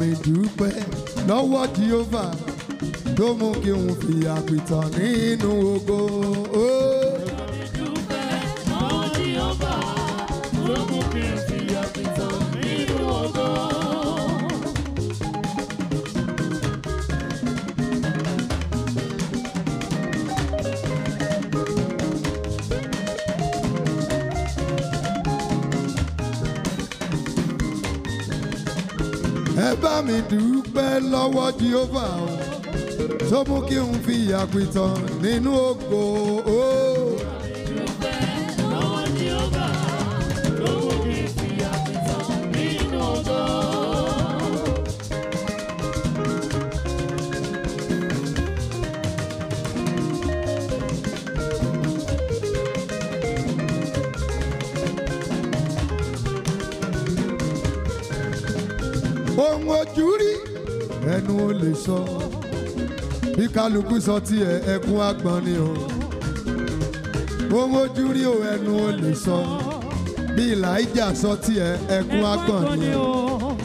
mi dúpẹ́ lọ́wọ́ Jehovah tó mú kí n fi àpìtàn nínú ògo. Oh. dúpẹ́ lọ́wọ́ Jehovah tó mú kí n fi ìyàpìtàn nínú ògo ooo. ẹnu ò lè sọ bí kálukú sọ tiẹ̀ ẹkún àgbọn ni o ohun ojú rí o ẹnu ò lè sọ bí ìlàíjà sọ tiẹ̀ ẹkún àgbọn ni o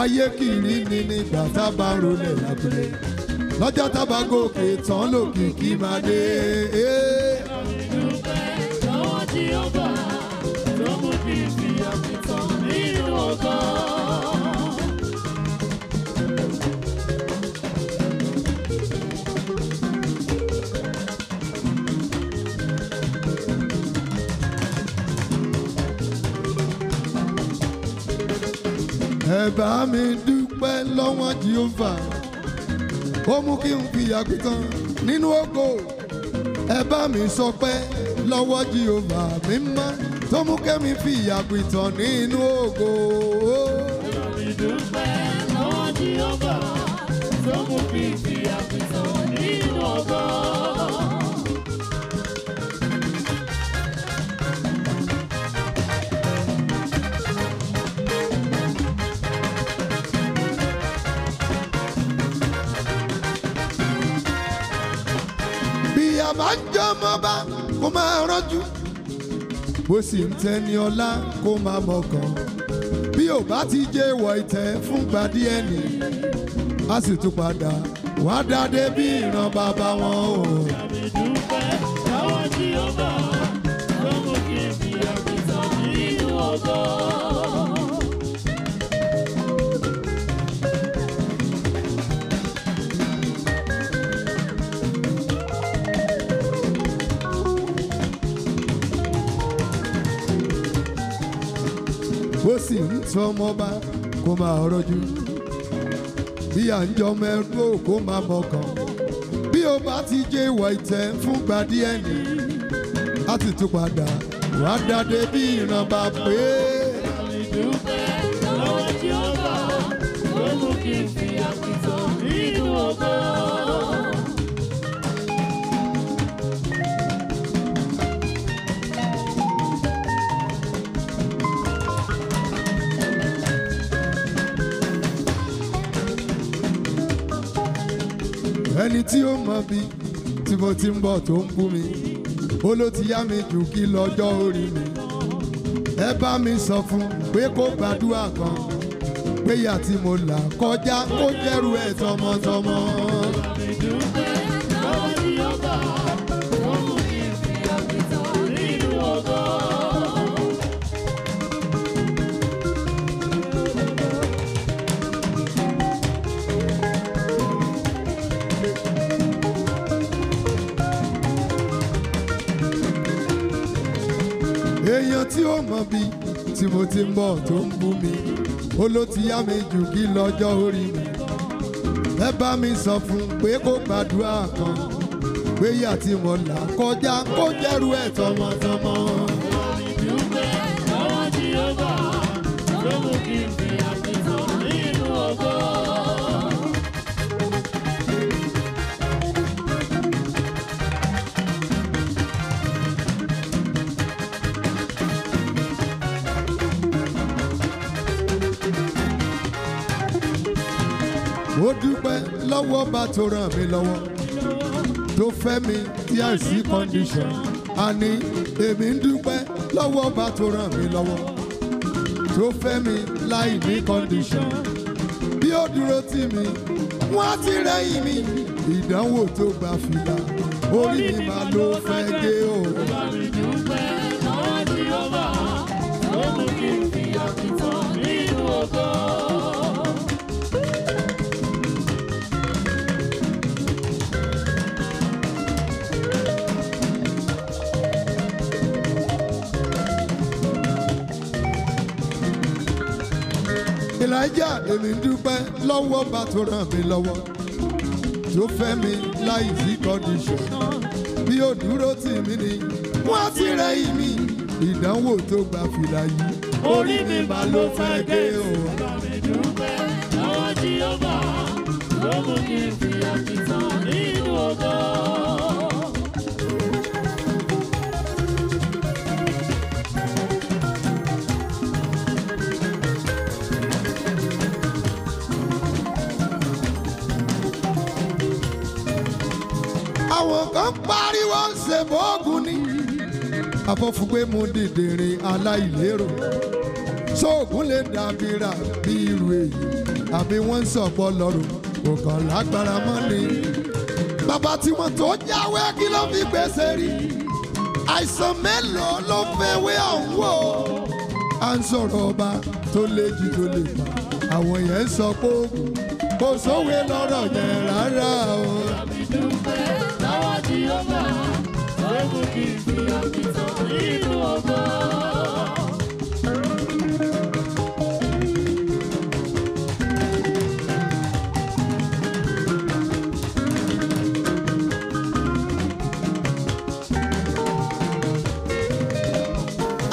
ayé kìrí ni nígbà tá a bá rolẹ̀ lábúlé lọ́jọ́ tá a tán lòkìkí máa dé. ẹ mi dúpẹ́ lọ́wọ́ jehova ó mú kí n fi àgùntàn nínú ògo ẹ mi sọpẹ́ lọ́wọ́ jehova mímọ́ tó mú kẹ́mi fi àgùntàn nínú ògo. jehova tó mú kí n fi àgùntàn nínú ògo. jọ mọba kó máa rọ́jú bó sì ń tẹni ọlá kó máa mọkàn bí ò bá ti jẹ́ ìwọ̀ ìtẹ́ fúngbà díẹ̀ ni a sì tún padà wá dáadé bí ìran bàbá wọn o. sọmọ bá kó máa rọjú bí à ń jọmọ ẹgbẹ́ òkú máa mọ̀kàn bí o bá ti jẹ́ ìwà ìtẹ́ fúngbà díẹ̀ ni a ti tún padà wá dáadé bí ìran bá pé. àlìdúpẹ́ ẹni tí ó mọ̀ bí tí mo ti ń bọ̀ tó ń bú mi ó ló ti yá mi jù kí lọ́jọ́ orí mi ẹ bá mi sọ fún pé kó gbàdúrà kan péyà tí mo là kọjá kó jẹ́rù ẹ̀ tọmọtọmọ. Oh tí ó mọ̀ bí tí mo ti ń bọ̀ tó ń bú mi ó ló ti yá mi jù kí lọ́jọ́ orí mi ẹ bá mi sọ fún un pé kó gbàdúrà kan gbéyà tí mo là kọjá kó jẹ́rú ẹ̀ tọmọtọmọ. lọ́wọ́ bá tó ràn mí lọ́wọ́ tó fẹ́ mi díẹ̀ sí condition àní èmi ń dúpẹ́ lọ́wọ́ bá tó ràn mí lọ́wọ́ tó fẹ́ mi láì ní condition bí ó dúró tì mí wọ́n á ti rẹ́yìn mi ìdánwò tó gba fìlà orí mi máa ló fẹ́ gé o. ìlàjà èmi dúpẹ́ lọ́wọ́ bá tó ràn mí lọ́wọ́ tó fẹ́ mi láì sí condition bí ó dúró tì mí ni wọ́n ti rẹ̀yìn mi ìdánwò tó gba fìlà yìí orí mi bá ló fẹ́ gé o. ẹ̀mí dúpẹ́ kan pariwo ń ṣe bóògùn ni. àfọ̀fúgbé mu dìdìrín aláìlérò sóògùn lè dàbí rà bí irú èyí àbí wọ́n ń sọ̀pọ̀ lọ́rùn òkàn lágbára mọ́ ni. bàbá tí wọ́n tó jáwé kí ló fi gbèsè rí àìsàn mélòó ló fẹ́ wé ọ̀hún wò à ń sọ̀rọ̀ ọba tó lè jí tó lè pa àwọn yẹn sọ pé kò sówé lọ́rọ̀ yẹn rárá o ọba ẹkùn kì í fi òkìtàn nínú ọba.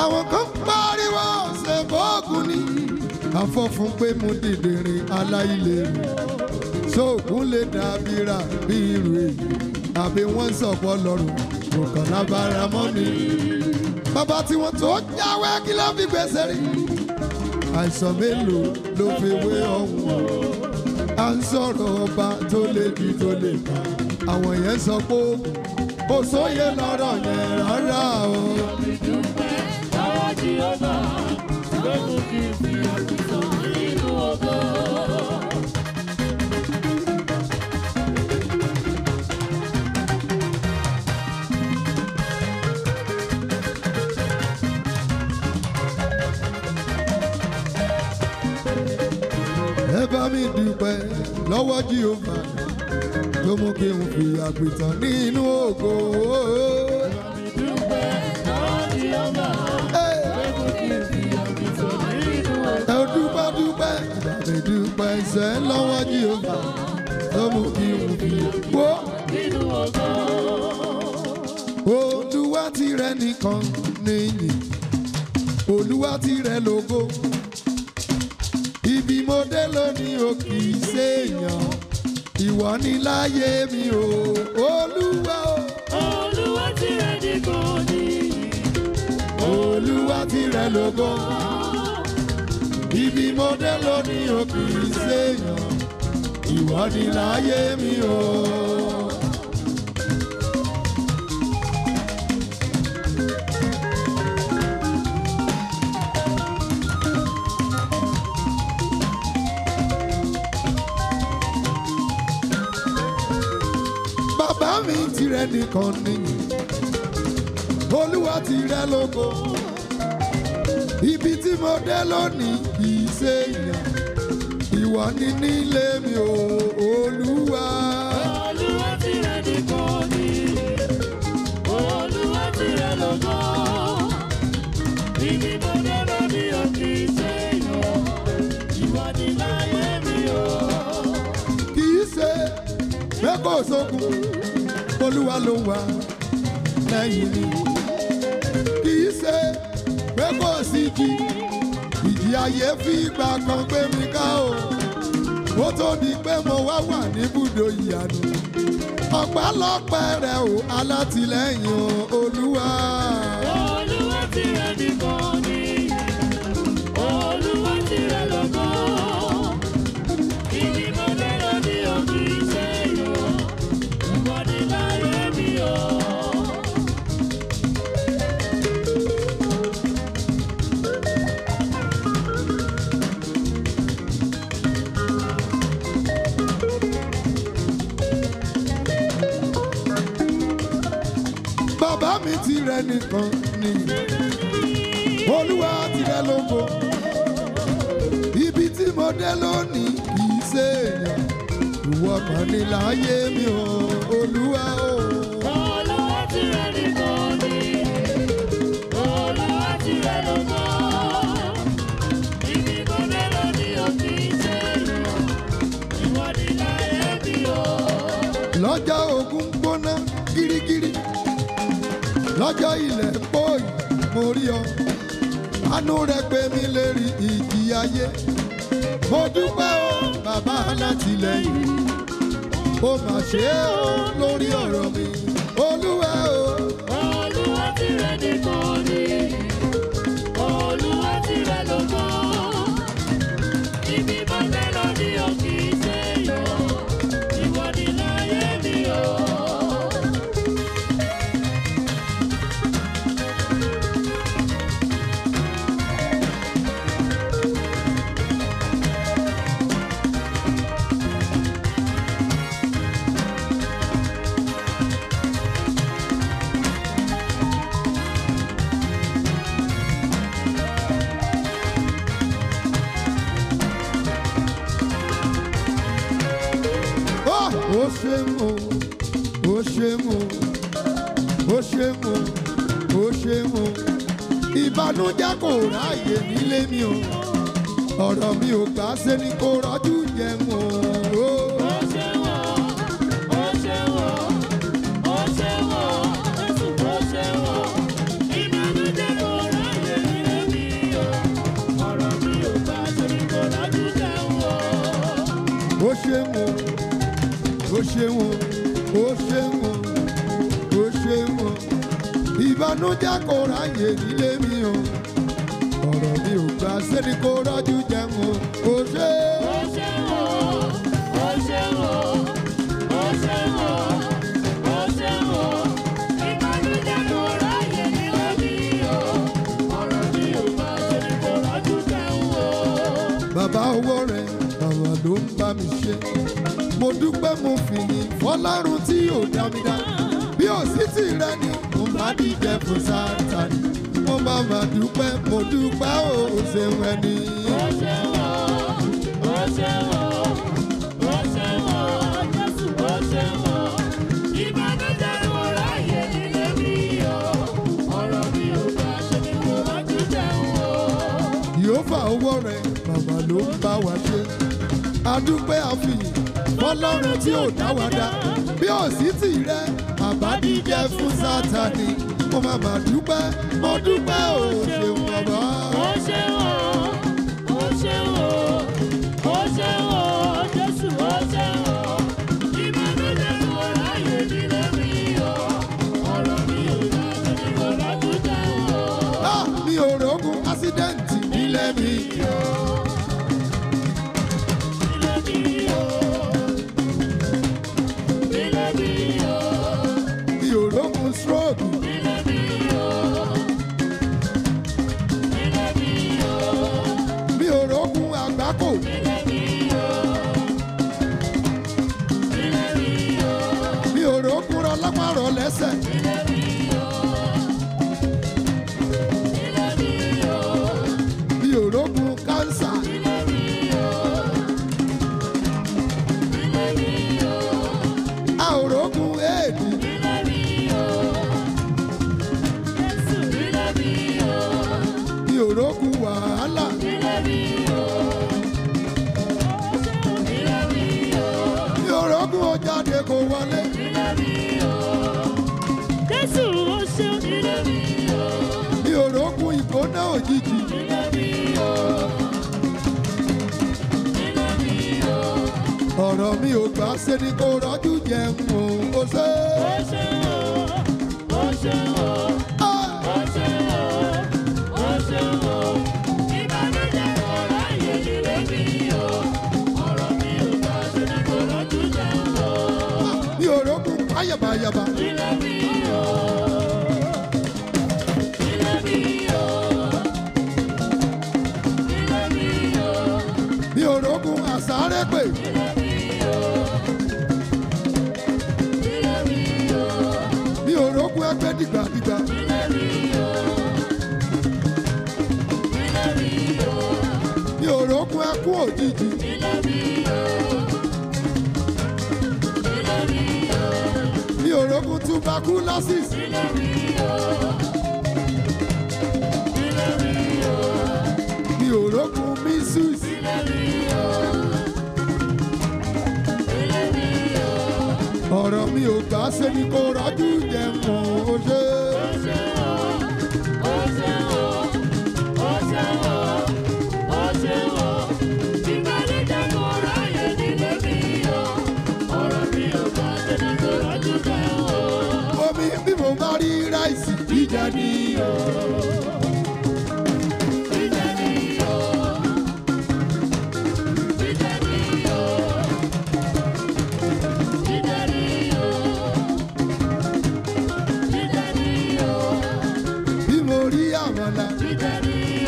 àwọn kan pariwo ṣe bọ́ọ̀gù ni afọ́fun pé mo dìde rin aláìlérò sóògùn lè dàbíra bí irú èyí àbí wọ́n ń sọ̀pọ̀ lọ́rùn nǹkan lábára mọ́ mi. bàbá tí wọ́n tó jáwé kí ló fi gbèsè rí. àìsàn mélòó ló fi wé ọ̀hún o. à ń sọ̀rọ̀ ọba tó lè bí tó lè bá. àwọn yẹn sọ pé kò sóye lọ́rọ̀ yẹn rárá o. yọmi dúpẹ́ táwọn jí ọba ló mú kí n fi àkùsọ̀ nínú ọgọ́. bá mi dúpẹ́ lọ́wọ́ Jèhófà tó mú kí n fi àpìtàn nínú ògo. ẹ dúpẹ́ dúpẹ́ ẹ dúpẹ́ ṣe lọ́wọ́ Jèhófà tó mú kí n fi wó. Olúwa tìrẹ nìkan nìyí Olúwa tìrẹ lógo ibi mo dé lónìí o kì í ṣe èèyàn ìwọ ni láyé mi o olúwa o. olúwa tìrẹ nìkan ni olúwa tìrẹ lógo ibi mo dé lónìí o kì í ṣe ìwọ ni láyé mi o. tìrẹ nìkan nìyí olúwa tìrẹ lógo ibi tí mo dé lónìí kì í ṣe ìyà ìwọ ni nílé mi ò olúwa. olúwa tìrẹ nìkan nìyí olúwa tìrẹ lógo ibi mo dé lónìí ò kì í ṣe ìyà ìwọ ni láyé mi ò. kì í ṣe mẹ́kọ̀ọ́ polúwa ló wà lẹ́yìn mi kì í ṣe pé kò sí jì ìjì ayé fi ìgbà kan gbé mi ká o ó tó di pé mo wá wà níbùdó ìyanu ọpẹ́lọpẹ́ rẹ̀ o alátìlẹ́yìn olúwa. olúwa ti rẹ̀ nìkan. rẹ nìkan ni olúwa tirẹ̀ lógo ibi tí mo dé lónìí kì ṣe èèyàn ìwọ kan ní láyé mi o olúwa o. olúwa tirẹ̀ nìkan. lọ́jọ́ ilẹ̀ pòyì mo rí ọ àánú rẹ gbé mi lérí ìjì ayé mo dúpẹ́ o bàbá alátìlẹ́yìn ó mà ṣe o lórí ọ̀rọ̀ mi olúwa o olúwa tìrẹ nìkan ni. ọ̀rọ̀ mi ò gbà ṣe ni kò rọ́jú jẹun o. ó ṣe wọ̀ ó ṣe wọ̀ ó o ṣe ni kò rọ́jú o. ṣe wọ̀ ó kò ráyè nílé mi o ọ̀rọ̀ mi ò gbà ṣé ni kò rọ́jú jẹun o ṣe. ó ṣe wò ó ṣe wò ó ṣe wò ó ṣe wò ìbànújẹ́ kò ráyè ní omi o ọ̀rọ̀ mi ò gbà ṣé ni kò rọ́jú jẹun o. tí ò ni mo bá dìjẹ fún sátani bàbá dúpẹ́ mo dúpẹ́ o ò ṣeun ẹni. ó ṣeun o ó ṣeun o ó ṣeun o mo ráyè nílé mi o ọ̀rọ̀ mi ò bá ṣe mi mo rájú jẹun o. fa owó rẹ bàbá ló ń bá wa ṣe adúpẹ́ àfihàn fọlọ́run tí ò dáwàdà bí ò tì rẹ àbádíjẹ fún Sátánì mo máa mà dúpẹ́ mo dúpẹ́ o ṣeun bàbá. o ṣeun o. ṣe ni kò rọ́jú jẹun o ṣe. ó ṣe o ó ṣe o ó ṣe o ó ṣe tuberculosis. mi ò rógun measles. ọ̀rọ̀ mi ò gbà sẹ́ni kó rájú jẹ mọ́. bá rí ráìsì jíjẹ ni o. jíjẹ ni o. jíjẹ ni o. jíjẹ ni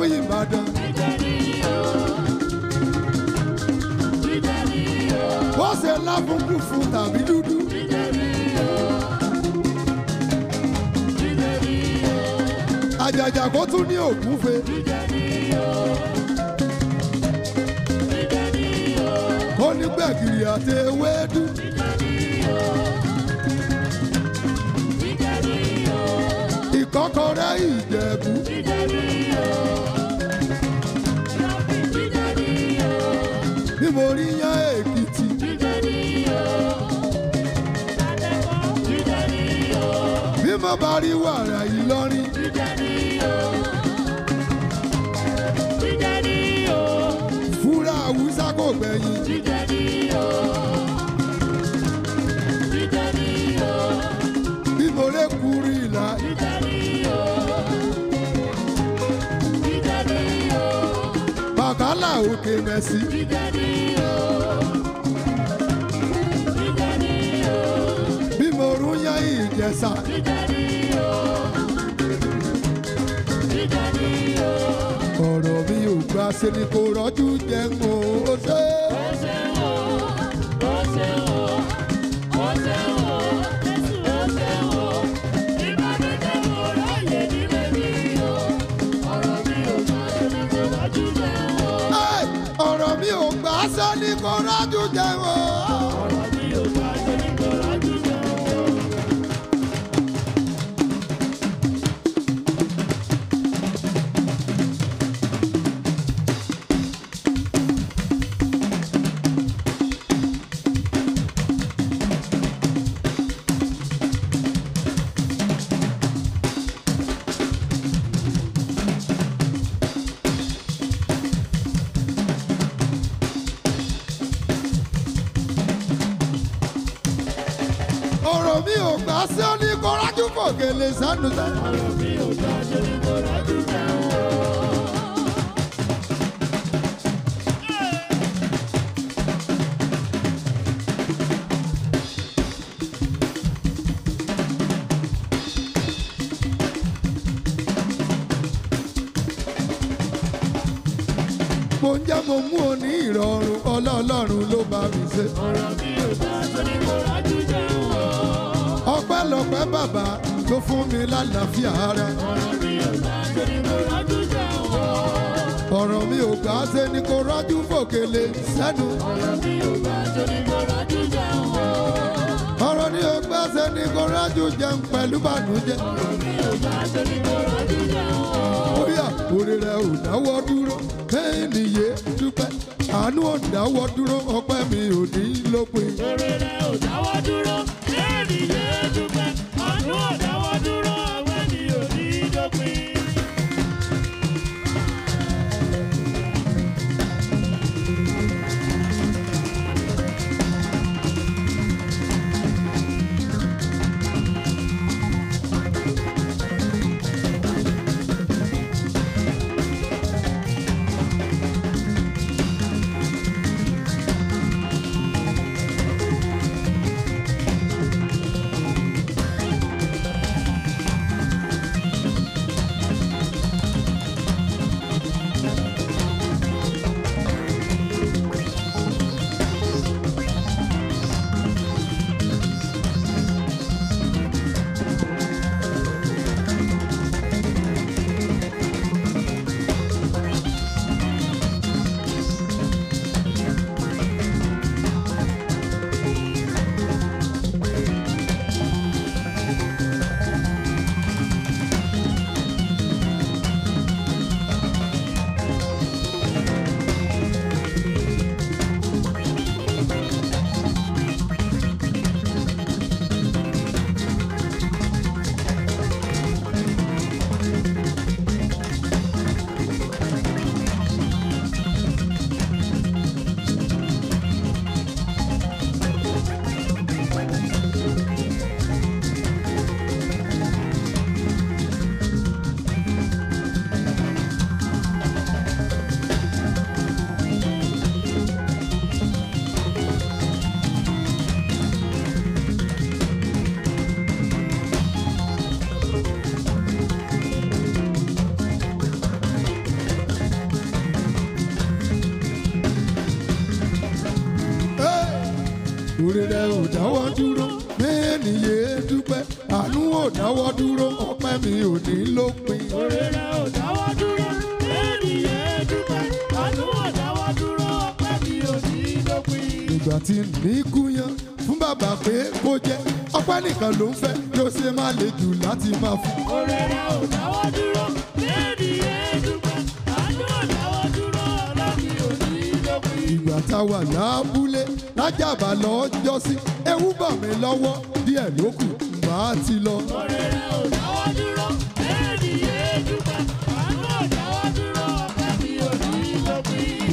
o. jíjẹ funfun fún tàbí dúdú. àjàjà kó tún ní ògúnfe. kó ní gbẹ̀gìrì àti ewédú. ìkọ́kọrẹ́ ìjẹ̀bú. bí mo rí yán èyí. òkè mẹ́sì. bí mo rún yán ìjẹsà. ọ̀rọ̀ mi ò gbà ṣe ni kò rọ́jú jẹun o ṣe. òkèlè sánú sá. ọ̀rọ̀ mi ò mo rájú jẹ́ wọ́n. ìrọ̀rùn ọlọ́ọ̀lọ́run ló bá mi ṣe. ọ̀rọ̀ mi ò bá aṣọ ni mo rájú jẹun o. ọpẹ́lọpẹ́ bàbá tó fún mi lálàáfíà ara. ọ̀rọ̀ mi ò gbà ṣe ni kò rájú fòkèlè sẹ́nu. ọ̀rọ̀ mi ò gbà ṣe ni kò rájú jẹun o. ọ̀rọ̀ mi ò gbà ṣe ni kò rájú jẹun pẹ̀lú bànújẹ́. ọ̀rọ̀ mi ò gbà ṣe ni kò rájú jẹun o. bóyá orí rẹ ò dáwọ́ dúró kéèyàn nìyé dúpẹ́ àánú ò dáwọ́ dúró ọpẹ́ mi ò ní lópin. orí rẹ ò dáwọ́ dúró kéèyàn nìyé dúpẹ́. ò dáwọ́ dúró ọpẹ́ mi ò ní lópin. oore rẹ ò dáwọ́ dúró ènìyàn dúpẹ́ ọdún ò dáwọ́ dúró ọpẹ́ mi ò ní lópin. ìgbà tí ní kúyan fún bàbá pé kó jẹ ọpẹ́ nìkan ló ń fẹ́ bí ó ṣe máa le jù láti máa fún. oore ò dáwọ́ dúró ènìyàn dúpẹ́ ọdún ò dáwọ́ dúró ọlọ́ mi ò ní lópin. ìgbà táwa lábúlé lájàbá lọ́jọ́sí ewu bà mí lọ́wọ́ díẹ̀ ló kù á ti lọ.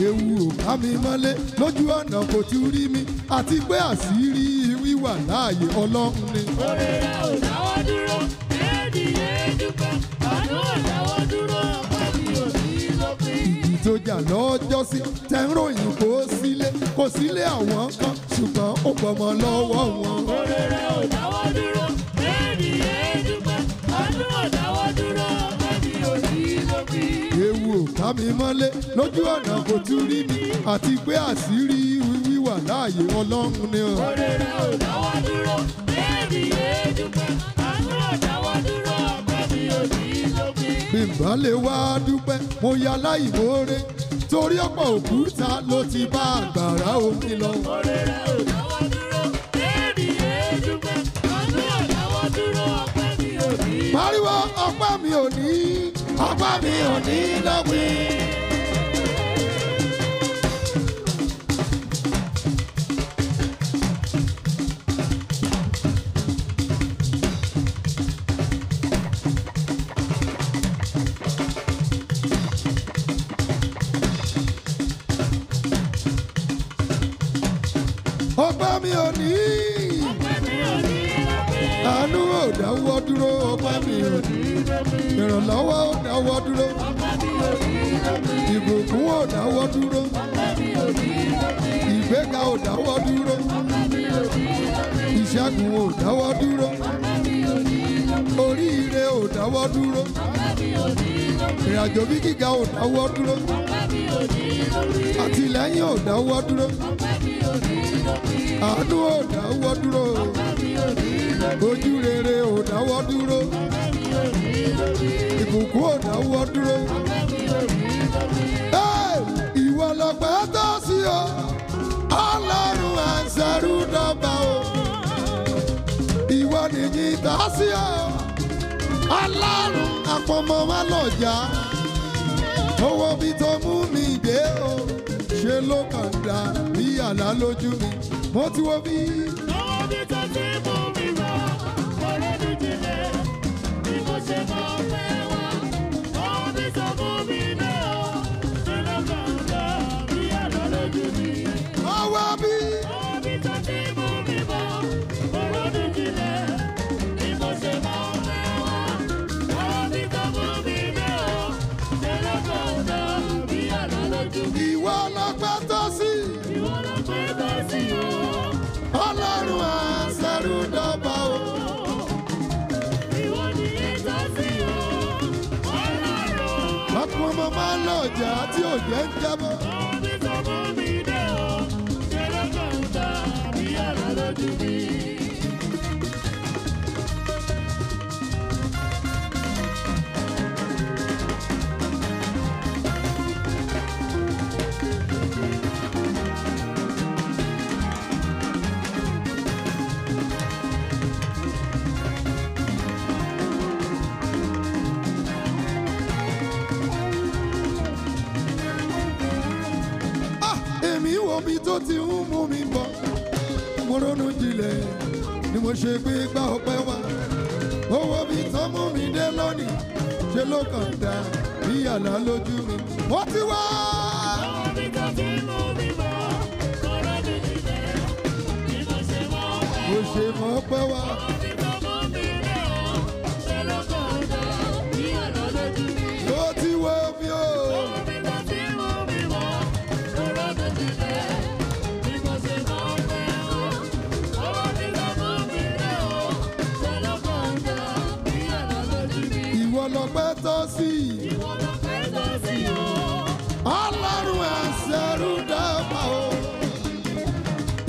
ewu ò ká mi mọ́lé lójú ọ̀nà kò ti rí mi àti pé àṣírí wíwà láàyè ọlọ́run ni. ọ̀rẹ́ rẹ ò dáwọ́ dúró éèdì èédúgba àánú ò dáwọ́ dúró ọ̀pẹ mi lópin. ìdí tó jà lọ́jọ́sí tẹ́ ń ròyìn kó sílé kó sílé àwọn kan ṣùgbọ́n ó gbọmọ lọ́wọ́ wọn. oore rẹ ò dáwọ́ dúró. mi mọ́lé lójú ọ̀nà kò tún rí mi àti pé àṣírí wíwà láàyè ọlọ́run ni. òrèrè ò dúró bẹ́ẹ̀ ni àánú ò dúró ọ̀pẹ mi ò ní í lópin. bímbà lè wá dúpẹ́ mo ya láì mórè torí ọ̀pọ̀ òkúta ló ti bá àgbàrá omi lọ. òrèrè ò dúró bẹ́ẹ̀ ni àánú ò dúró ọ̀pẹ mi ò ní í. pariwo ọpẹ́ mi ò ní ọgbà mi ò ní lópin. ọgbà mi ò ní. ọgbà mi ò ní àánú ò dáwọ́ dúró ọpẹ́ mi ò ní ìrànlọ́wọ́ ò dáwọ́ dúró ìbùkún ò dáwọ́ dúró ìgbéga ò dáwọ́ dúró ìṣẹ́gun ò dáwọ́ dúró oríire ò dáwọ́ dúró ìrìnàjò bí gíga ò dáwọ́ dúró àtìlẹ́yìn ò dáwọ́ dúró àánú ò dáwọ́ dúró ojú rere ò dáwọ́ dúró ìbùkún ò dáwọ́ dúró ìwọ lọ́pẹ́ tó sí o ọlọ́run àṣẹrú dọ́gba o ìwọ nìyí tó sí o ọlọ́run àpọ̀mọ́ má lọ́jà owó mi tó mú mi dé o ṣe ló kàn dà bí àlá lójú mi mo ti wo bí. owó mi tó ti mú mi wá ọ̀rẹ́ mi jìnnà bí mo ṣe máa fẹ́ wá. àjà tí ò ń jábọ́. tó ti ń mú mi bọ̀ mo ronú jinlẹ̀ ni mo ṣe gbé gbá ọpẹ́ wá owó mi tán mú mi dé lónìí ṣe ló kàn dá bí àlá lójú mi mo ti wá. mo ṣe mọ́ ọpẹ́ wá. lọ́pẹ́ tó sí. ìwọ lọ́pẹ́ tó sí o. ọlọ́run àṣẹrú dọ́gba o.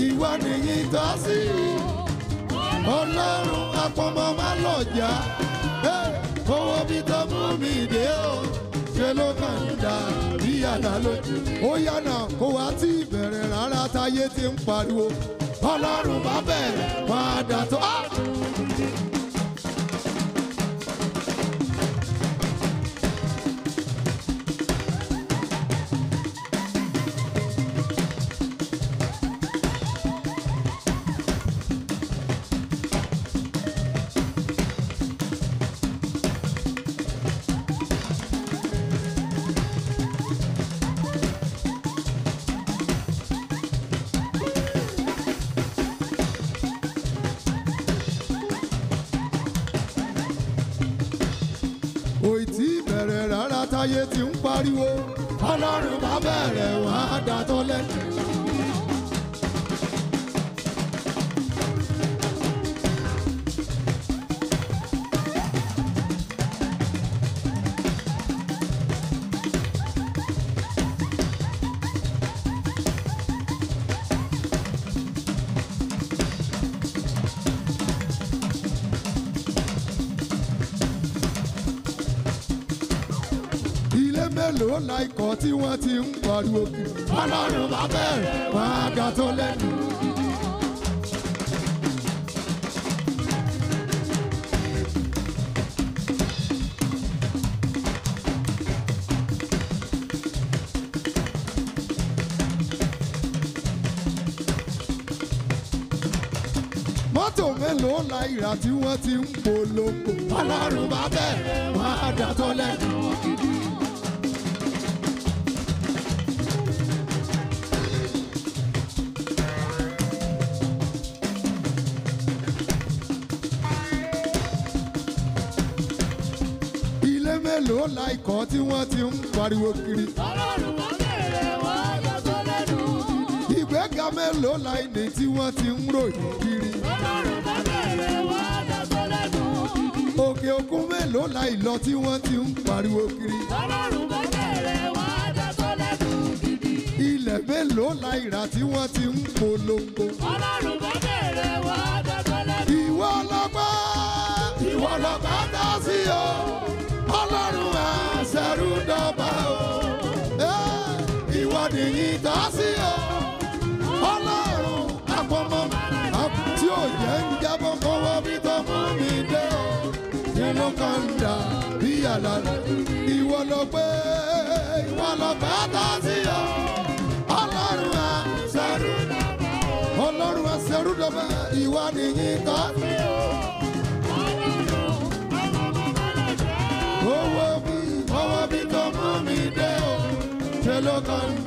ìwọ nìyí tó sí. ọlọ́run àpọ̀mọ́ má lọ jà. owó bí tó mú mi dé o. ṣe ló kàn ń dà bí àdá lójú. ó yànnà kó wá tí ìbẹ̀rẹ̀ rárá táyé ti ń pariwo. ọlọ́run bá bẹ̀rẹ̀ máa dà tó. Ah! kò tí ì bẹ̀rẹ̀ rárá táyé ti ń pariwo ọlọ́run bá bẹ̀rẹ̀ wàá dàtọ́ lẹ́sẹ̀. ọ̀nà ikọ̀ tí wọ́n ti ń pariwo ọlọ́run bá bẹ̀rẹ̀ wọ́n ga tó lẹ́nu. mọ́tò mélòó náírà tí wọ́n ti ń polongo ọlọ́run bá bẹ̀rẹ̀ wọ́n ga tó lẹ́nu. la ikọ̀ tí wọ́n ti ń pariwo kiri. ọlọ́run wọn lèrè wọn yàtọ̀ lẹ́nu. ìgbéga mélòó la ìní tí wọ́n ti ń ròyìn kiri. ọlọ́run wọn lèrè wọn yàtọ̀ lẹ́nu. òkè òkun mélòó la ìlọ tí wọ́n ti ń pariwo kiri. ọlọ́run wọn lèrè wọn ilẹ̀ mélòó la ìrà tí wọ́n ti ń polongo. ọlọ́run wọn lèrè wọn dá sí o ọlọ́run àṣẹrú dọ́gba o ìwọ nìyí tọ́ sí o ọlọ́run àpọ̀mọ́ tí ò jẹ́ ń jábọ́ fọwọ́ bí tó mú mi dé o nínú kan dà bí àlàlà ìwọ ló pé ìwọ ló bá tọ́ sí o ọlọ́run àṣẹrú dọ́gba ọlọ́run àṣẹrú dọ́gba ìwọ nìyí tọ́ sí o. Local.